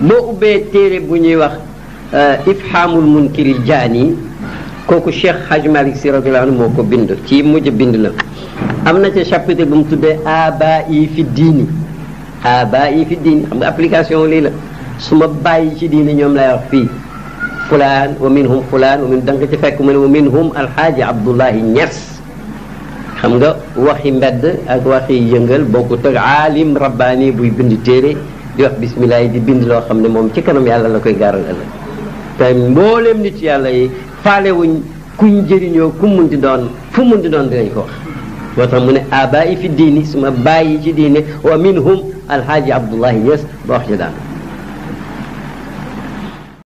boo ubbee téere bu ñuy wax euh, ifhaamul munkiril jaani kooku Cheikh Hadj Malick Sy radiyallahu anhu moo ko bind ci mujj bind la am na ca chapitre bu mu tuddee aba yi fi diini aba yi fi diini xam nga application lii la su ma bàyyi ci diini ñoom lay wax fii fulaan wa minhum fulaan wa min da nga ci fekk mu ne wa minhum alxaaji Abdullahi Niass xam nga waxi mbedd ak waxi yëngal bokkut ak aalim rabbaani buy bind téere di wax bismillah yi di bind loo xam ne moom ci kanam yàlla la koy gaaral ëllëg te mbooleem nit yàlla yi faalewuñ kuñ jëriñoo ku mun di doon fu mun di doon dinañ ko wax moo tax mu ne abaayi fi diini suma bàyyi ci diine wa minhum alhaaji abdullahi ñees ba wax ci daan